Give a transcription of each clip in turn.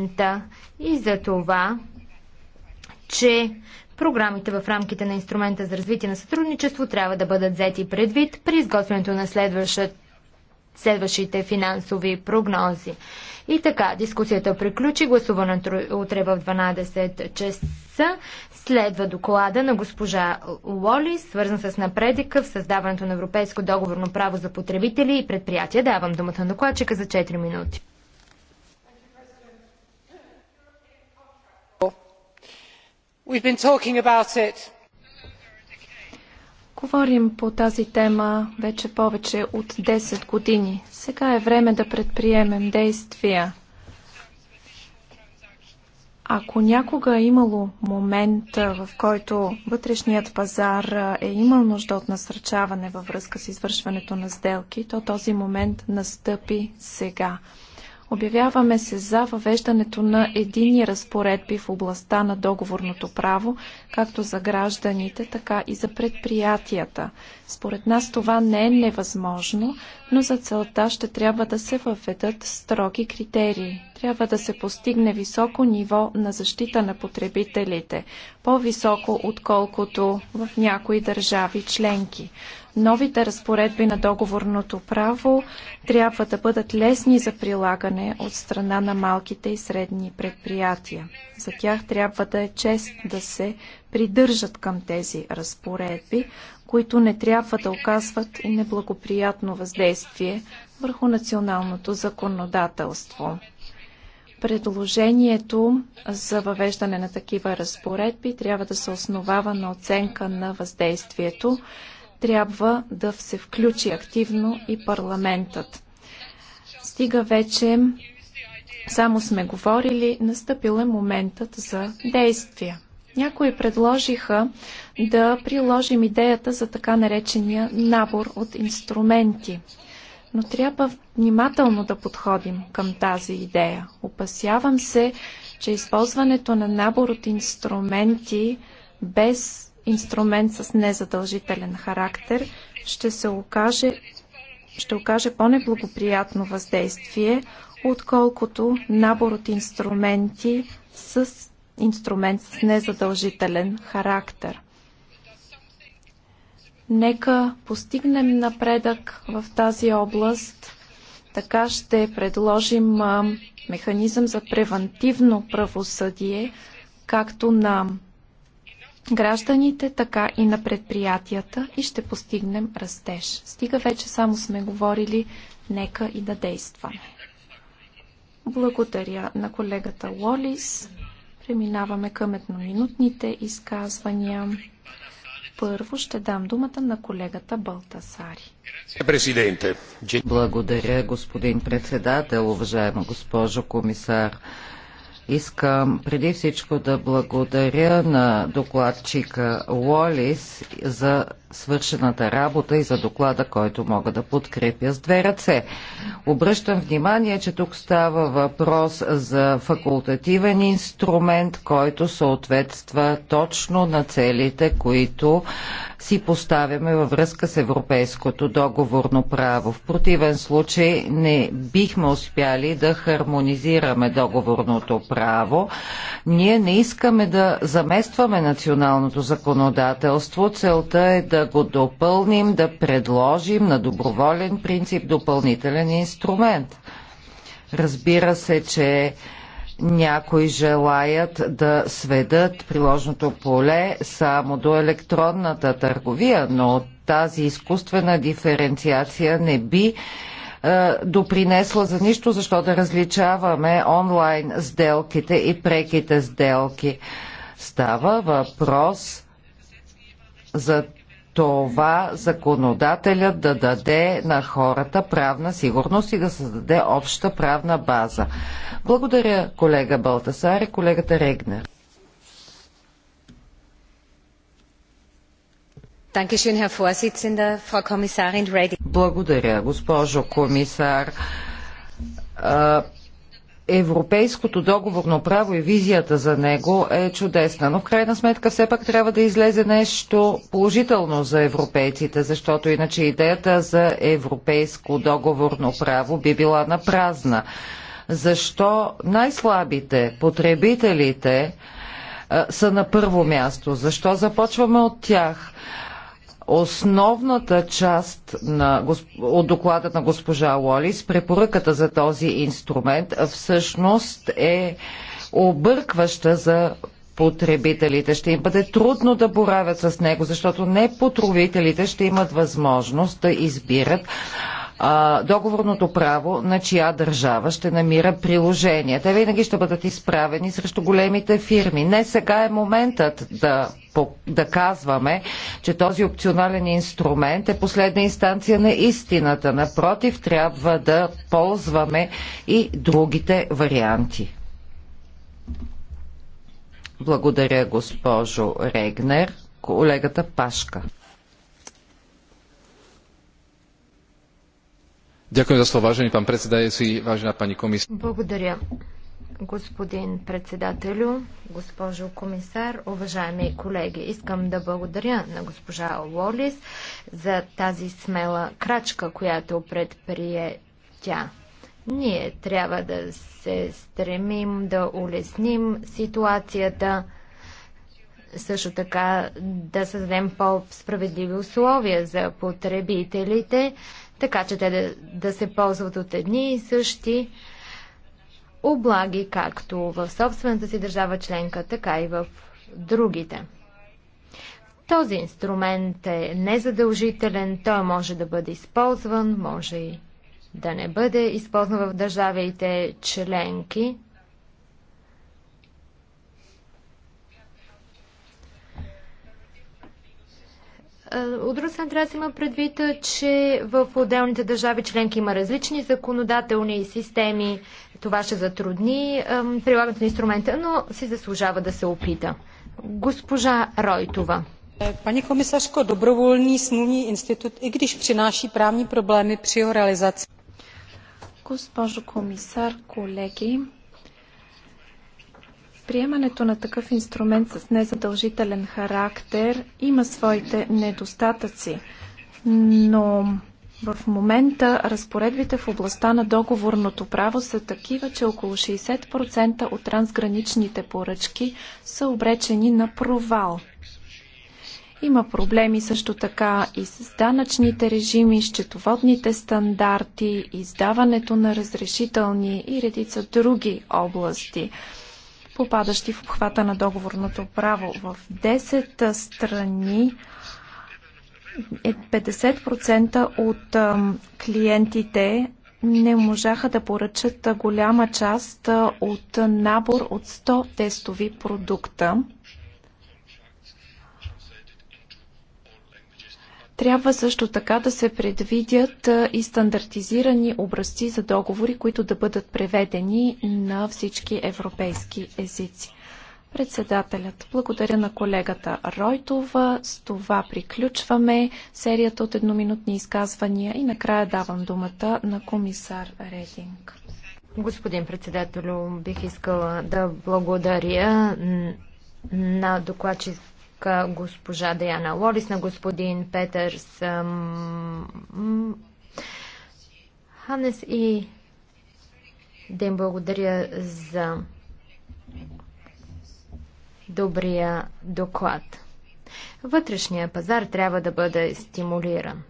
момента и за това, че програмите в рамките на инструмента за развитие на сътрудничество трябва да бъдат взети предвид при изготвянето на следващите финансови прогнози. И така, дискусията приключи. Гласуване утре в 12 часа следва доклада на госпожа Лоли, свързан с напредика в създаването на европейско договорно право за потребители и предприятия. Давам думата на докладчика за 4 минути. Говорим по тази тема вече повече от 10 години. Сега е време да предприемем действия. Ако някога е имало момент, в който вътрешният пазар е имал нужда от насърчаване във връзка с извършването на сделки, то този момент настъпи сега. Обявяваме се за въвеждането на едини разпоредби в областта на договорното право, както за гражданите, така и за предприятията. Според нас това не е невъзможно, но за целта ще трябва да се въведат строги критерии. Трябва да се постигне високо ниво на защита на потребителите, по-високо отколкото в някои държави членки. Новите разпоредби на договорното право трябва да бъдат лесни за прилагане от страна на малките и средни предприятия. За тях трябва да е чест да се придържат към тези разпоредби, които не трябва да оказват и неблагоприятно въздействие върху националното законодателство. Предложението за въвеждане на такива разпоредби трябва да се основава на оценка на въздействието. Трябва да се включи активно и парламентът. Стига вече само сме говорили, настъпил е моментът за действия. Някои предложиха да приложим идеята за така наречения набор от инструменти – но трябва внимателно да подходим към тази идея. Опасявам се, че използването на набор от инструменти без инструмент с незадължителен характер ще се окаже ще окаже по-неблагоприятно въздействие, отколкото набор от инструменти с инструмент с незадължителен характер. Нека постигнем напредък в тази област. Така ще предложим механизъм за превантивно правосъдие, както на гражданите, така и на предприятията и ще постигнем растеж. Стига вече само сме говорили, нека и да действаме. Благодаря на колегата Лолис. Преминаваме към едноминутните изказвания. Първо ще дам думата на колегата Балтасари. Благодаря, господин председател, уважаема госпожо комисар. Искам преди всичко да благодаря на докладчика Уолис за свършената работа и за доклада, който мога да подкрепя с две ръце. Обръщам внимание, че тук става въпрос за факултативен инструмент, който съответства точно на целите, които си поставяме във връзка с европейското договорно право. В противен случай не бихме успяли да хармонизираме договорното право. Ние не искаме да заместваме националното законодателство. Целта е да да го допълним, да предложим на доброволен принцип допълнителен инструмент. Разбира се, че някои желаят да сведат приложното поле само до електронната търговия, но тази изкуствена диференциация не би е, допринесла за нищо, защо да различаваме онлайн сделките и преките сделки. Става въпрос за това законодателя да даде на хората правна сигурност и да създаде обща правна база. Благодаря колега Балтасар и колегата Регнер. Благодаря, госпожо комисар европейското договорно право и визията за него е чудесна, но в крайна сметка все пак трябва да излезе нещо положително за европейците, защото иначе идеята за европейско договорно право би била на празна. Защо най-слабите потребителите са на първо място? Защо започваме от тях? основната част на, от доклада на госпожа Лолис, препоръката за този инструмент, всъщност е объркваща за потребителите. Ще им бъде трудно да боравят с него, защото не потребителите ще имат възможност да избират, а, договорното право на чия държава ще намира приложение. Те винаги ще бъдат изправени срещу големите фирми. Не сега е моментът да, да казваме, че този опционален инструмент е последна инстанция на истината. Напротив, трябва да ползваме и другите варианти. Благодаря, госпожо Регнер. Колегата Пашка. Благодаря, господин председателю, госпожо комисар, уважаеми колеги. Искам да благодаря на госпожа Лолис за тази смела крачка, която предприе тя. Ние трябва да се стремим да улесним ситуацията, също така да създадем по-справедливи условия за потребителите, така че те да, да се ползват от едни и същи облаги, както в собствената си държава членка, така и в другите. Този инструмент е незадължителен, той може да бъде използван, може и да не бъде използван в държавите членки. От друга страна трябва да се има предвид, че в отделните държави членки има различни законодателни системи. Това ще затрудни прилагането на инструмента, но си заслужава да се опита. Госпожа Ройтова. Paní komisařko, dobrovolný smluvní институт, i když přináší právní problémy při jeho realizaci. Госпожо комисар, колеги, Приемането на такъв инструмент с незадължителен характер има своите недостатъци, но в момента разпоредбите в областта на договорното право са такива, че около 60% от трансграничните поръчки са обречени на провал. Има проблеми също така и с данъчните режими, счетоводните стандарти, издаването на разрешителни и редица други области – попадащи в обхвата на договорното право. В 10 страни е 50% от клиентите не можаха да поръчат голяма част от набор от 100 тестови продукта. Трябва също така да се предвидят и стандартизирани образци за договори, които да бъдат преведени на всички европейски езици. Председателят, благодаря на колегата Ройтова. С това приключваме серията от едноминутни изказвания и накрая давам думата на комисар Рединг. Господин председател, бих искала да благодаря на докладчик госпожа Даяна Лорис, на господин Петърс Ханес и да им благодаря за добрия доклад. Вътрешния пазар трябва да бъде стимулиран.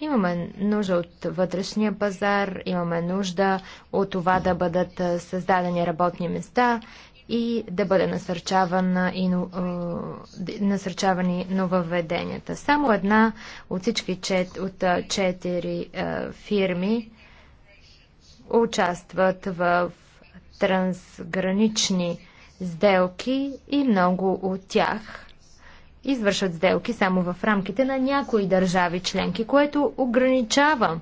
Имаме нужда от вътрешния пазар, имаме нужда от това да бъдат създадени работни места, и да бъде насърчавана и, насърчавани нововведенията. Само една от всички чет, от четири е, фирми участват в трансгранични сделки и много от тях извършват сделки само в рамките на някои държави членки, което ограничава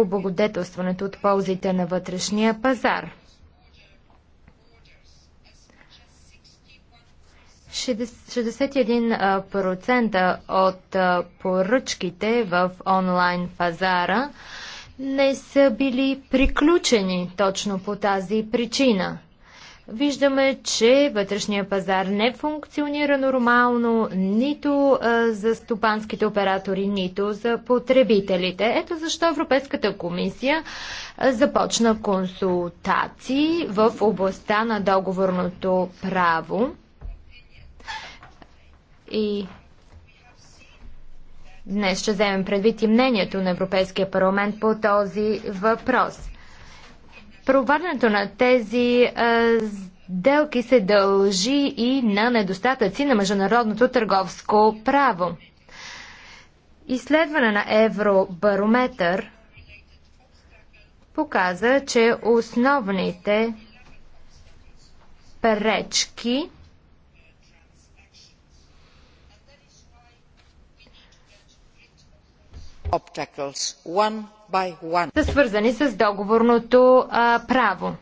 облагодетелстването от ползите на вътрешния пазар. 61% от поръчките в онлайн пазара не са били приключени точно по тази причина. Виждаме, че вътрешния пазар не функционира нормално нито а, за стопанските оператори, нито за потребителите. Ето защо Европейската комисия а, започна консултации в областта на договорното право. И днес ще вземем предвид и мнението на Европейския парламент по този въпрос. Провадането на тези сделки се дължи и на недостатъци на международното търговско право. Изследване на Евробарометър показа, че основните пречки one one. са свързани с договорното а, право.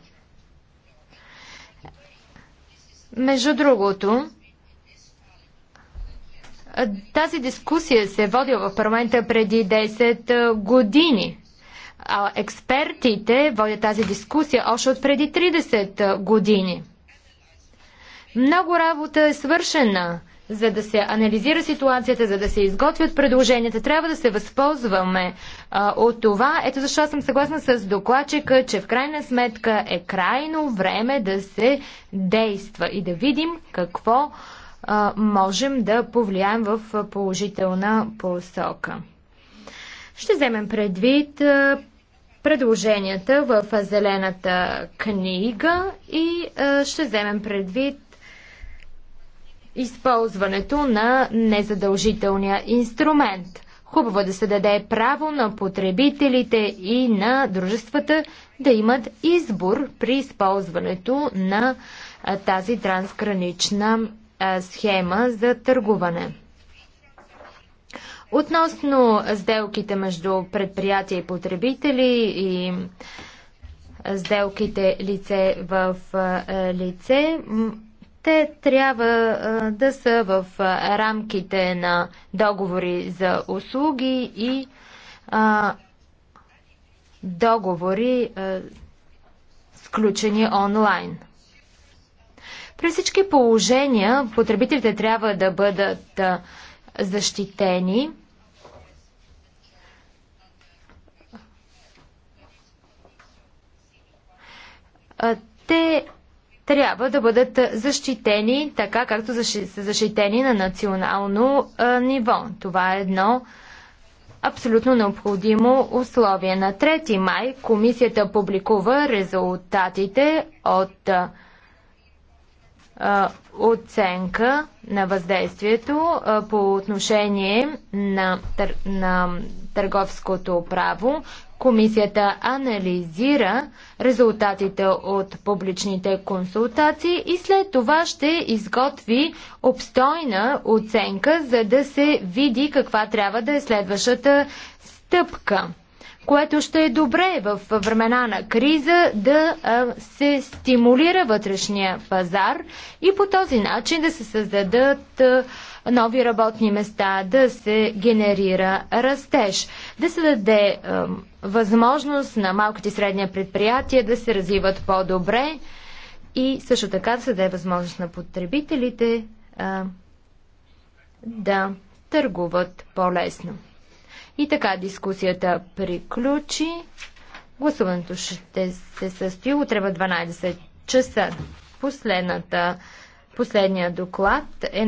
Между другото, тази дискусия се е водила в парламента преди 10 години. А експертите водят тази дискусия още от преди 30 години. Много работа е свършена за да се анализира ситуацията, за да се изготвят предложенията, трябва да се възползваме а, от това. Ето защо съм съгласна с докладчика, че в крайна сметка е крайно време да се действа и да видим какво а, можем да повлияем в положителна посока. Ще вземем предвид а, предложенията в Зелената книга и а, ще вземем предвид използването на незадължителния инструмент. Хубаво е да се даде право на потребителите и на дружествата да имат избор при използването на тази трансгранична схема за търгуване. Относно сделките между предприятия и потребители и сделките лице в лице, те трябва да са в рамките на договори за услуги и договори, сключени онлайн. При всички положения потребителите трябва да бъдат защитени. Те трябва да бъдат защитени така, както са защитени на национално ниво. Това е едно абсолютно необходимо условие. На 3 май комисията публикува резултатите от оценка на въздействието по отношение на, тър, на търговското право, Комисията анализира резултатите от публичните консултации и след това ще изготви обстойна оценка, за да се види каква трябва да е следващата стъпка което ще е добре в времена на криза да се стимулира вътрешния пазар и по този начин да се създадат нови работни места, да се генерира растеж, да се даде възможност на малките и средния предприятия да се развиват по-добре и също така да се даде възможност на потребителите да търгуват по-лесно. И така дискусията приключи. Гласуването ще се състои утре в 12 часа. Последната, последният доклад е